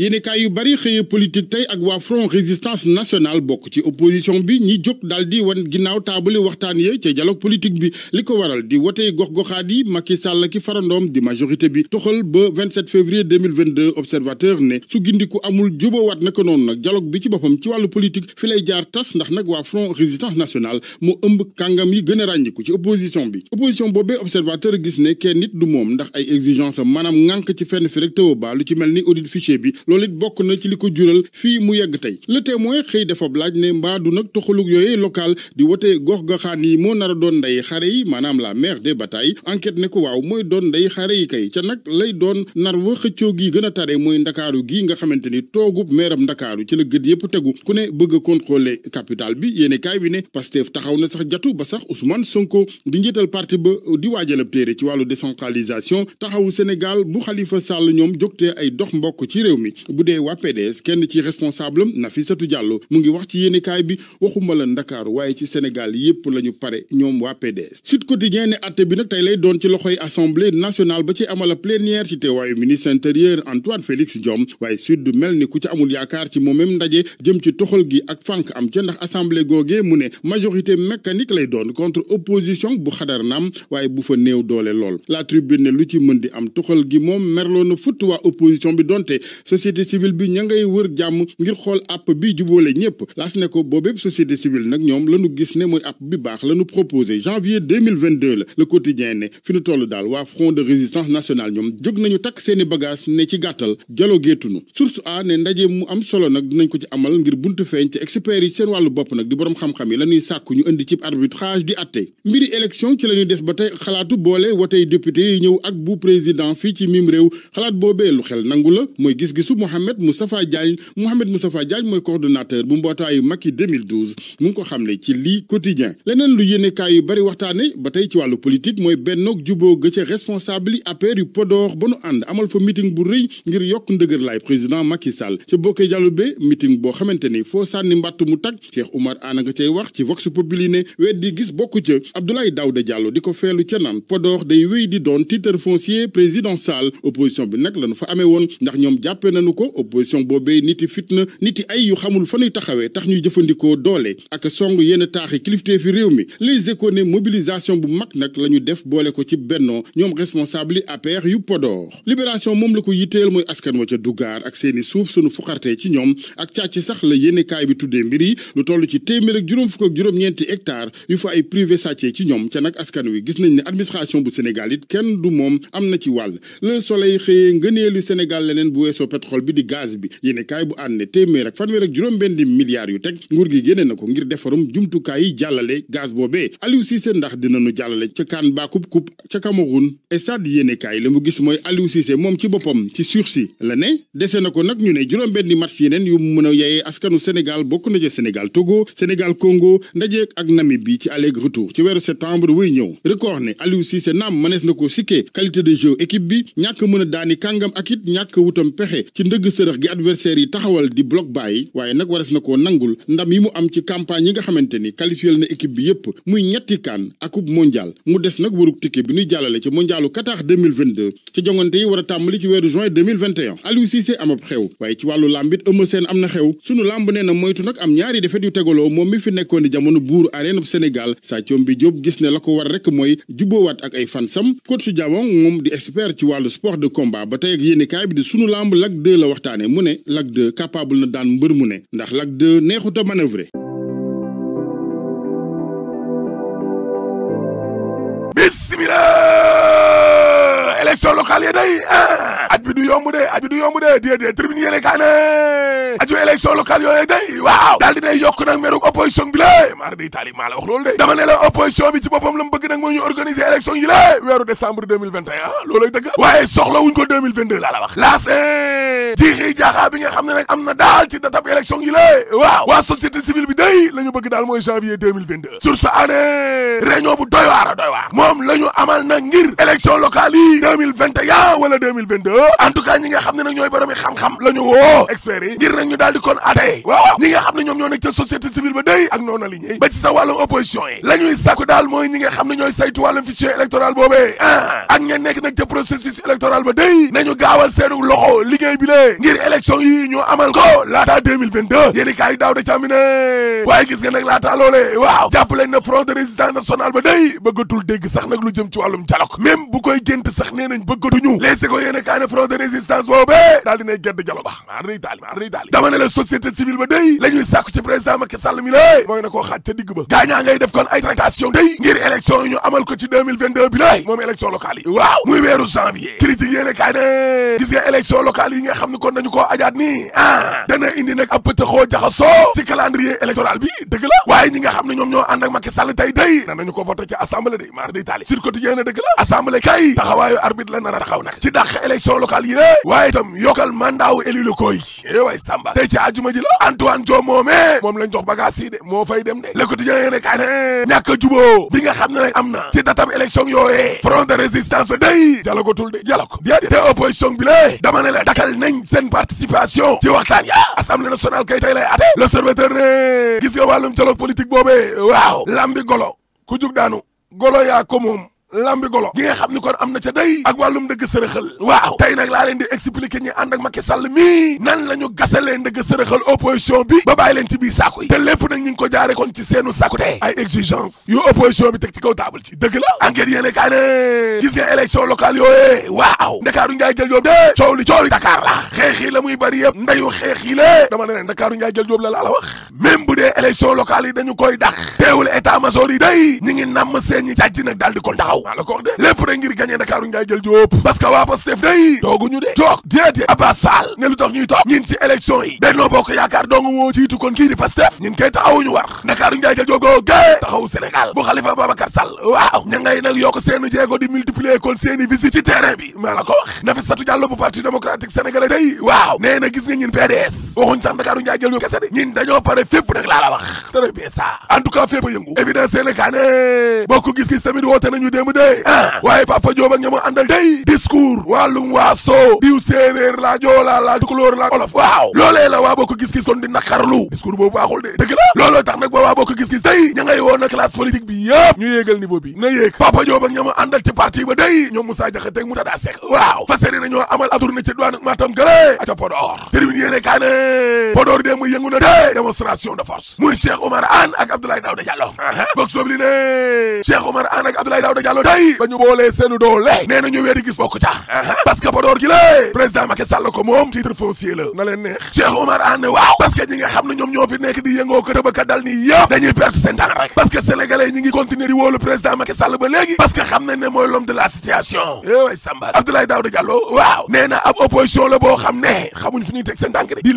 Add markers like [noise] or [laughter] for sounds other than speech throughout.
yéenekaay yu bari xëye politique tey ak waa front résistance nationale bokk ci opposition bi ñi jóg daal di wan ginnaaw taabale waxtaan yee ca dialogue politique bi li ko waral di wotey gox-goxaat yi Macky Sall ki farandoom di majorité bi toxal ba 27 février 2022 observateur ne su gindiku amul jubawaat naka noonu nag dialogue bi ci boppam ci wàllu politique fi lay jaar tas ndax nag waa front résistance nationale moo ëmb kàngam yi gën a ràññiku ci opposition bi opposition boobee observateur gis ne kenn nit du moom ndax ay exigence maanaam ŋànk ci fenn fi rek tëwa lu ci mel ni audit fichier bi loolu it bokk na ci li ko jural fii mu yegg tey le témoin xëy dafa laaj ne mbaadu nag toxalug yooyu local di wotee gox goxaan yi moo nar a doon ndey xare yi maanaam la mère des batailles enquête ne ko waaw mooy doon ndey xare yi kay ca nag lay doon nar wa xëccoo gi gën a tare mooy ndakaaru gi nga xamante ni toogub meeram ndakaaru ci la gët yëpp tegu ku ne bëgg a contrôler capital bi yéene kaay bi ne Pastef taxaw na sax jatu ba sax Ousmane Sonko di njiital parti ba di waajalab téere ci wàllu décentralisation taxawu Sénégal bu Khalifa Sall ñoom jógtee ay dox mbokk ci réew mi bi bu dee waa PDS kenn ci responsable am Nafissatou Diallo mu ngi wax ci yéenekaay bi waxuma la Ndakaaru waaye ci Sénégal yépp la ñu pare ñoom waa PDS Sud Quotidien ne atte bi na tey lay doon ci loxoy assemblée nationale ba ci amala plénière ci teewaayu ministre intérieur Antoine Félix Diome waaye Sud mel ni ku ci amul yaakaar ci moom même ndaje jëm ci toxal gi ak fànk am ca ndax assemblée googee mu ne majorité mécanique lay doon contre opposition bu xadar naam waaye bu fa néew doole lool la tribune ne lu société civile bi ña ngay wër jàmm ngir xool app bi ñëpp laas ne ko boobépp société nag ñoom la ñu gis ne mooy baax la proposé janvier 2022 la le quotidien ne fi ñu toll daal waa front de résistance nationale ñoom jóg nañu takk seeni bagage ne ci gàttal jalo géetunu source a ne ndaje mu am solo nag dinañ ko ci amal ngir buntu feeñ ci experts yi seen wàllu bopp nag di boroom xam-xam yi la ñuy sàkku ñu indi ci arbitrage di atte mbiri élection ci la ñuy des ba tey xalaatu boole watey député yi ñëw ak bu président fii ci mim réew xalaat boobee lu xel nangu la mooy gis gis su Mouhamed Moustapha Diagne Mouhamed Moustapha Diagne mooy coordonnateur bu mbootaayu Macky 2012 mu ngi ko xamle ci lii quotidien leneen lu yéenekaay yu bari waxtaane ba tey ci wàllu politique mooy bennoog juboo gëcce responsable yi APR yu Podor ba nu ànd amal fa meeting bu rëy ngir yokk ndëgër laay président Macky Sall ca Bokké Diallo be meeting boo xamante ni foo sànni mbàtt mu tag Cheikh Oumar Anna nga cay wax ci Vox Populi ne weddi gis bokku ca Abdoulaye Daouda Diallo di ko feelu ca naan di doon titre foncier président Sall opposition bi nag lañu nañu ko opposition boobee niti fitna niti ay yu xamul fa nuy taxawee tax ñuy jëfandikoo doole ak song yenn taaxi kilifte fi réew mi les échos ne mobilisation bu mag nag la ñu def boole ko ci bennoo ñoom responsable yi APR yu Podor libération moom la ko yitteel mooy askan wa ca Dugaar ak seeni suuf sunu fuqartee ci ñoom ak càcc sax la yéene kaay bi tuddee mbir yi lu toll ci téeméer ak juróom fukk ak juróom-ñeenti hectare yu fa ay privé sàccee ci ñoom ca nag askan wi gis bu Sénégal it kenn du moom am na ci pétrole bi di gaz bi yéene kaay bu ànd ne téeméer ak fanweer ak juróom-benn di milliards yu teg nguur gi génne na ko ngir defarum jumtukaay yi jàllale gaz boobee Aliou Cissé ndax dina dinañu jàllale ca kaan baakub coupe ca Cameroun stade yéene kaay la mu gis mooy Aliou Cissé moom ci boppam ci sursis la ne dese na ko nag ñu ne juróom-benn match yeneen yu mën a yeyee askanu Sénégal bokk na ca Sénégal Togo Sénégal Congo ndaje ak Namibie ci aller-retour ci weeru septembre wuy ñëw record ne Aliou Cissé naam mënees na ko sikkee qualité de jeu équipe bi ñàkk mën a daani kàngam ak it ñàkk wutam pexe ci ndëgg sërëx gi adversaire yi taxawal di bloc bàyyi waaye nag wares na koo nangul ndam yi mu am ci campagne yi nga xamante ni qualifié na équipe bi yépp muy ñetti kaan ak coupe mu des nag waruk ticket bi ñuy jàllale ci mondialu Qatar ci jongante yi war a tàmbali ci weeru juin 2021 Aliou amab xew waaye ci wàllu làmbit Eumeu am na xew sunu làmb nee moytu nag am ñaari defet yu tegaloo moom mi fi nekkoon jamono buuru arène Sénégal Sa Thiombi la waxtaane mu ne Lac 2 capable na daan mbër mu ne ndax Lac 2 neexut élection locale yi day eh. aj bi du yomb de aj bi du yomb de déedéet tribune yéene kaa ne aju la wax loolu de dama ne la opposition bi ci boppam la mu ah, waaye soxla wuñ ko 2022 la wax laas eh. jiixi jaaxaa nga xam ne nag am daal ci datab élection yi waaw waa société civile bi day la ñu bëgg daal mooy janvier 2022 sur sa année réunion bu doy a doy moom la ñu amal nag élection locale 2021 wala 2022 en tout cas ñi nga xam ne nag ñooy xam-xam la ñu woo experts ngir nag ñu daal di kon atee waaw ñi nga xam ne ñoom ñoo nekk ba day ak noonu li ñuy ba ci sa wàllum opposition la ñuy sàkku daal mooy ñi nga xam ne ñooy saytu wàllum fichier électoral boobee ah ak ña nekk nag ca processus électoral ba day nañu gaawal seenu loxo liggéey bi ngir élection yi ñu amal ko laata 2022 yéeni kaay daaw da càmmi ne waaye gis nga nag laata loolee waaw jàpp leen na front de résistance nationale nañ bëggatuñu les éco yéen a kaa ne front de résistance boobu daal dinay gedd jalo bax maar taali maar la société civile ba day la ñuy ci président Macky Sall mi la mooy na koo xaaj ca digg ba gaañaa ngay def kon ay tractation day ngir élection ñu amal ko ci 2022 bi lay moom élection locale waaw muy weeru janvier critique yéen a kaa ne gis nga nga xam ne kon dañu koo ajaat nii ah. dana indi nag ab pëccëxoo jaxasoo ci calendrier ci assemblée tamit la nar a taxaw nag ci dàq élection locale yi lée waaye itam yokkal mandat wu élu locaux yi é eh waay sàmba tey ci àjjuma ji la Antoine Diome moomee moom lañ jox bagage yi de moo fay dem de Le Quotidien yéene kaay ne ñàkk a bi nga xam ne am na ci datam élection yooye front de résistance ba day jalagotul de jalako déedéet te opposition bi lée la dakal nañ seen participation ci waxtaan ya assemblée nationale kay tey lay ate l'observateur ne gis nga wàllum lambi golo gi nga xam ni kon am na ca day ak wàllum dëgg sërëxal waaw tey nag laa leen di expliquer ñi ànd ak Macky Sall mii nan la ñu gasalee dëgg sërëxal opposition bi ba bàyyi leen ci biir saako yi te lépp nag ñi ngi ko jaare kon ci seenu sakute ay exigence yu opposition bi teg ci kaw table ci dëgg la enquête yéene kaa ne gis nga élection locale yooyee waaw ndakaaru njaay jël joob de coow li coow li Dakar la xeex yi la muy bari yëpp ndayu xeex yi la dama ne ndakaaru njaay jël joob la laa la wax même bu dee yi dañu koy dàq teewul état major yi day ñi waaw maa la ko wax de lépp rek ngir gagné Dakar Ndiaye jël Diop parce que waa Pastef day tooguñu de ne lu tax ñuy toog ñin ci élection yi Benno Bokk Yaakaar dong moo jiitu kon kii di Pastef ñin koy taxawuñu war Dakar Ndiaye jël Diop goo gée taxaw bu Khalifa Babacar Sall waaw i waaw nee na gis nga ñin PDS waxuñ sax Dakar Ndiaye jël kese de ñin dañoo pare fépp nag laa la wax très bien ça en tout cas a yëngu évidence démb day ah waaye Papa Diop ak ña mu àndal day discours wàllum waaso diw séeréer la joolaa la tukulóor la olof waaw loolee la waa bokk gis-gis kon di naqarlu discours boobu baaxul de dëgg la looloo tax nag ba waa bokk gis-gis day ña ngay woon na bi yëpp ñu yéegal niveau bi na yéeg Papa Diop ak àndal ci parti ba day ñoom Moussa Diakhaté ak Moutada Seck waaw fas yéene nañoo amal ab ci douane ak Matam gële ca Podor tribune yéene kaa ne ñoom day ba ñu boolee seenu doole nee na ñu weeri gis bokk ca uh-huh. parce que Podor gi lé président Macky Sall ko moom titre foncier la na leen neex Cheikh Omar Anne waaw parce que ñi xam ne ñoom ñoo fi nekk di yëngoo ko tëbaka dal nii yëpp dañuy perte seen temps rek parce ñi ngi continuer di wóolu président Macky Sall ba léegi parce xam nañ ne mooy l'homme de la situation é eh way Samba Abdoulaye Daouda Diallo waaw nee ab opposition la boo xam ne xamuñ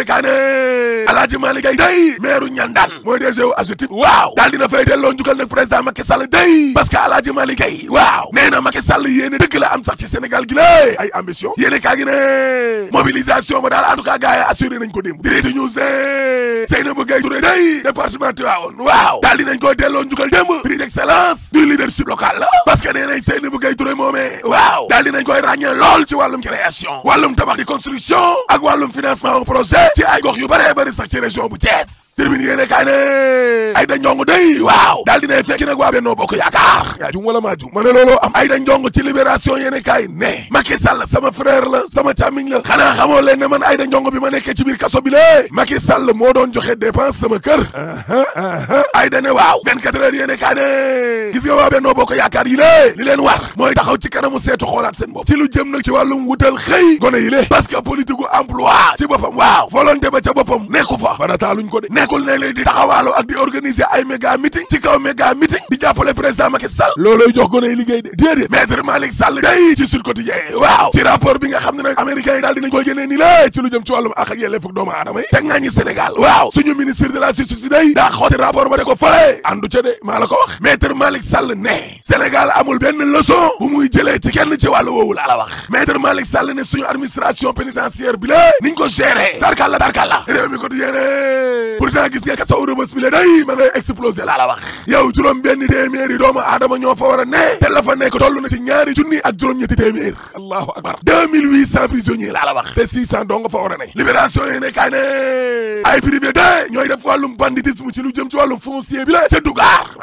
yéene kaa ne alaaji Malick Gaye day meeru ñandaan mooy DG wu AGETIP waaw daal dina fay delloo njukkal nag président Macky day parce que alaaji Malick waaw nee na Macky Sall la am sax ci Sénégal gi lée ay ambition yéene kaa gi ne mobilisation ba daal en tout cas gars yi assuré nañ ko démb direct news ne Seynabou Gaye Touré day département Tivaouane waaw daal dinañ ko delloo njukkal démb prix d'excellence du leadership local la parce que nee nañ seeni bu koy turé moomee waaw daal dinañ koy ràññee lool ci wàllum création wàllum tabax di construction ak wàllum financement projet ci ay gox yu bëree bëri sax ci région bu Thiès tribune yéene kaay ne ay da njong day waaw daal dina fekki nag waa Benno Bokk Yaakaar yaa jum wala maa jum ma looloo am ay da ci libération yéene kaay ne Macky Sall sama frère la sama càmmiñ la xanaa xamoo leen ne man ay da bi ma nekkee ci biir kaso bi lée Macky Sall moo doon joxe dépense sama kër ay da ne waaw 24 heures yéene kaay ne gis nga waa Benno Bokk Yaakaar yi li leen war mooy taxaw ci kanamu seetu xoolaat seen bopp ci lu jëm nag ci wàllum wutal xëy gone que politique u emploi ci nekkul ne lay di taxawaalu ak di organiser ay méga meeting ci kaw méga meeting di jàppale président Macky Sall looloy jox gone yi liggéey de déedéet maître Malick Sall day ci Sud Quotidien waaw ci rapport bi nga xam ne nag américain yi daal dinañ koy génnee ni la ci lu jëm ci wàllum ak ak yelleef ak doomu aadama yi te ngaa ñi Sénégal waaw suñu ministre de la justice bi day daa xooti ba de ko fale andu ca de maa la ko wax maître Malick Sall ne Sénégal amul benn leçon naa gis nga a a ay privé de def wàllum banditisme ci lu jëm ci wàllum foncier bi la Dugar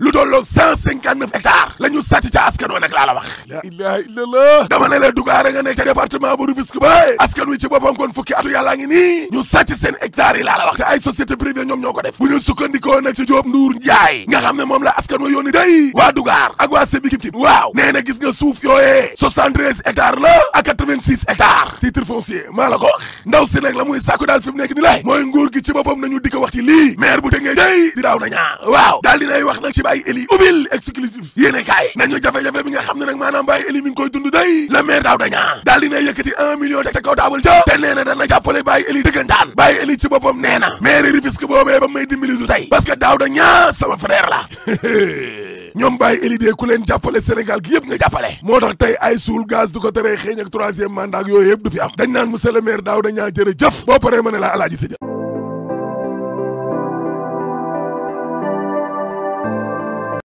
lu tolloog cent cinquante neuf hectares la ñu sàcc ca askan wa nag laa la wax la ilaha illallah dama ne la Dugar a nga ca département bu Rufisque ba askan wi ci boppam kon fukki atu yàllaa ngi nii ñu sàcc seen hectares yi laa la wax ay société société privée ñoom ñoo ko def bu ñu sukkandikoo nag ci Diop Ndour Ndiaye nga xam ne moom la askan wa yónni day waa Dugar ak waa Sébi Kip Kip waaw nee na gis nga suuf yooyee 73 la ak 86 hectares titre maa la ko ndaw si nag la muy sàkku daal fi nekk ni la mooy nguur gi ci boppam nañu dikk wax ci lii maire bu Tëngéej day di daaw na ñaa waaw daal dinay wax nag ci Baye Eli ubbil exclusif yéene kaay nañu jafe-jafe bi nga xam ne nag maanaam Baye Eli Eli dëggantaan sacrifice boobee ba may dimbali du tey parce que daaw da ñaa sama frère la [laughs] ñoom bàyyi élidee ku leen jàppale Sénégal gi yëpp nga jàppale moo tax tey ay suul gaz du ko teree xëeñ ak troisième mandat ak yooyu du fi am dañ naan monsieur daaw da ñaa jërëjëf boo paree ma ne laa alaaji tëjë